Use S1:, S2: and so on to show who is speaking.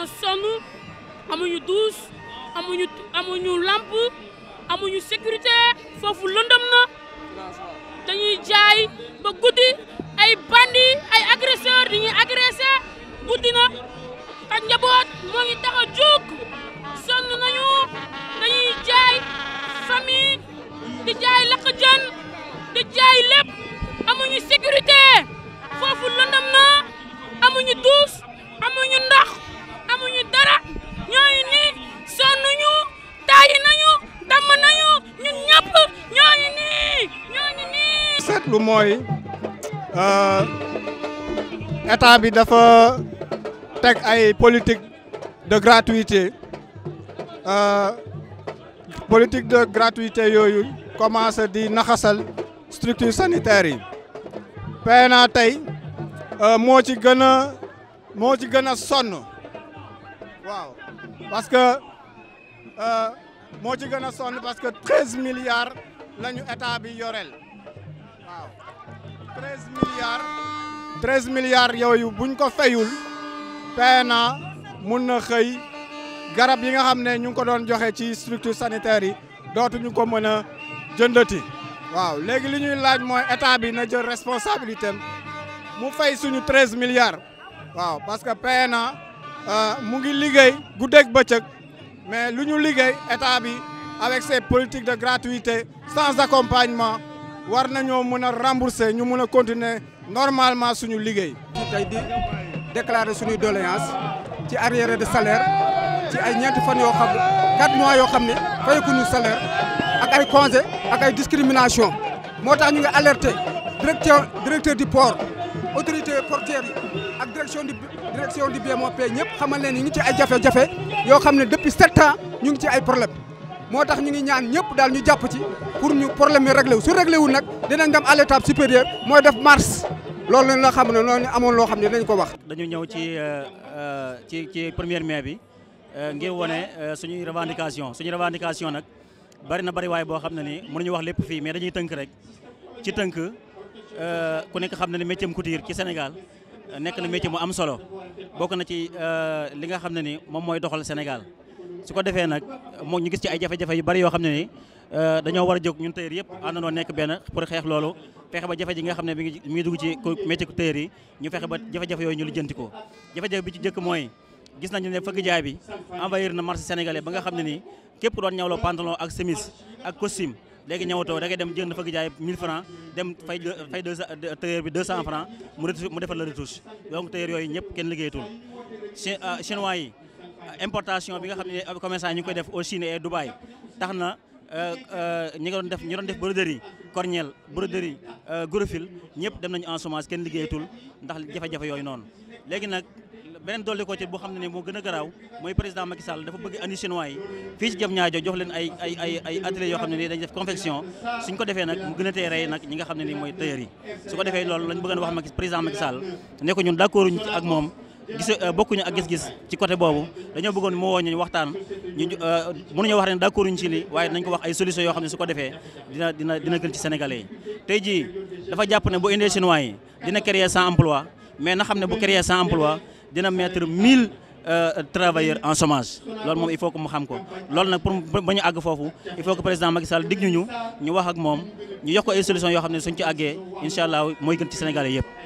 S1: dañoo sonn amuñu douche amuñu amuñu lamp amuñu sécurité foofu lëndëm na dañuy jaay ba guddi ay bandi ay agresseur dañuy agressé guddi na ak njaboot moo ngi taxaw
S2: seetlu mooy euh, état bi dafa teg ay politique de gratuité euh, politique yooyu commencé di naxasal structure sanitaire yi PNA tey euh, moo ci gën a moo ci gën a sonn waaw parce que moo ci gën a sonn parce que treize milliards lañu état bi yoreel waaw 13 milliards 13 milliards buñ ko fayul PNA mun na xëy garab yi nga xam ne ñu ngi ko doon joxe ci structure sanitaire yi dootuñu ko mën a jëndati waaw léegi li ñuy laaj mooy état bi na jël responsabilité am mu fay suñu 13 milliards waaw parce que PNA euh, mu ngi liggéey guddeeg bëccëg mais lu ñu liggéey état bi avec ses politiques de gratuité sans accompagnement war nañoo mën a rembourser ñu mun a continuer normalement suñu liggéey. tey di déclarer suñuy doléance ci arriéré de salaire ci ay ñeenti fan yoo xam ne quatre mois yoo xam
S3: ne fayekuñu salaire ak ay congé ak ay discrimination moo tax ñu ngi alerter directeur directeur du port autorité portière yi ak direction du direction du BMOP ñëpp xamal leen ñu ngi ci ay jafe-jafe yoo xam ne depuis sept ans ñu ngi ci ay problème moo tax ñu ngi ñaan ñëpp daal ñu jàpp ci pour ñu problème yi réglé wu su réglé nag dinañ dem à l' étape supérieure mooy def marche loolu lañ la xam ne noonu amoon loo xam ne dinañ ko wax.
S4: dañu ñëw ci euh, euh, ci ci premier mai bi euh, ngir wane suñuy revendication suñu revendication nag bari na bari waay boo xam ne ni mënuñu wax lépp fii dañuy tënk rek ci tënk ku nekk xam ne ni métier couture ci Sénégal nekk na métier mu am solo bokk na ci li nga xam ne ni moom mooy doxal Sénégal. su ko defee nag moo ñu gis ci ay jafe-jafe yu bari yoo xam ne ni euh, dañoo war a jóg ñun tailleur yëpp àndandoo nekk benn pour xeex loolu fexe ba jafe ji nga xam ne mi ngi mi ngi dugg ci métier ku tailleur yi ñu fexe ba jafe-jafe yooyu ñu lijjanti ko jafe-jafe bi ci jëkk mooy gis nañu ne fëgg jaay bi envahir na marché sénégalais ba nga xam ne nii képp doon ñawloo pantalon ak chemise ak costume léegi ñawatoo da ngay dem jënd fëgg jaay 1000 francs dem fay fay tailleur bi 200 francs mu defar la retouche donc tailleur yooyu ñëpp kenn liggéeyatul euh, chinois yi importation bi nga xam ne commerçant ñu ngi koy def au Chine euh, euh, def ñu doon def broderie cornelle broderie euh, grofil ñëpp dem nañu en chômage kenn liggéeyatul ndax jafe yooyu noonu léegi nag beneen dolli ko ci boo xam ne moo gën a garaaw mooy président Macky Sall dafa bëgg andi chinois yi fii ci Diamniadio jox leen ay ay xam ne nii dañuy def confection suñ ko defee nag mu gën a tee rey ñi nga xam ne nii mooy tailleur yi su ko defee loolu lañ bëgg a wax Macky président Macky Sall ne ñun d'accord ak moom gis euh, bokkuñu ak gis-gis ci côté boobu dañoo bëggoon moo woo ñu waxtaan ñu euh, mënuñoo wax ne d'accord ñu ci waaye nañ ko wax ay solution yoo xam ne su ko defee dina dina dina gën ci sénégalais tey jii dafa jàpp ne bu indee chinois yi dina créer cent emploi na xam ne bu créer cent emploi dina mettre mille euh, travailleurs en chômage loolu moom il faut que mu xam ko loolu nag pour ba ñu àgg foofu il faut que président Macky Sall digg ñu ñu wax ak moom ñu jox ko ay solution yoo xam ne suñ ci àggee incha allah mooy gën ci sénégalais yëpp